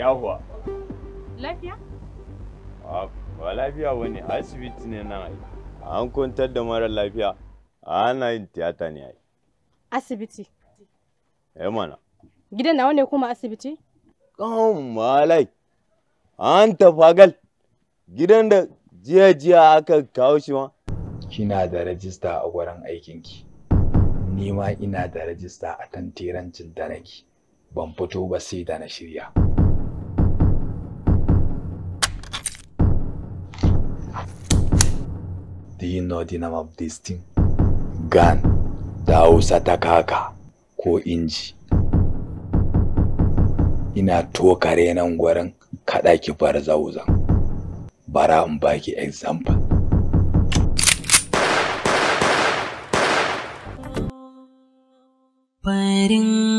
Yahuwa. Lafiya? Ba lafiya wani asibiti ne na ai. An kwantar da mara lafiya. Ana yin tiyata ne ai. Asibiti? Eh mana. Gidan nawa ne kuma asibiti? Kan malai. An tafagal. Gidan da jiya jiya aka kawo shi ma. Kina da rajista a wurin aikinki. Ni ma ina da rajista a tantirancin da nake. Ban fito ba sai da na shirya. Do you know the name of this thing? Gan da Hausa ta kaka ko inji. Ina tokare nan gwarin kaɗa ki bar zauzan. Bara in baki example. Farin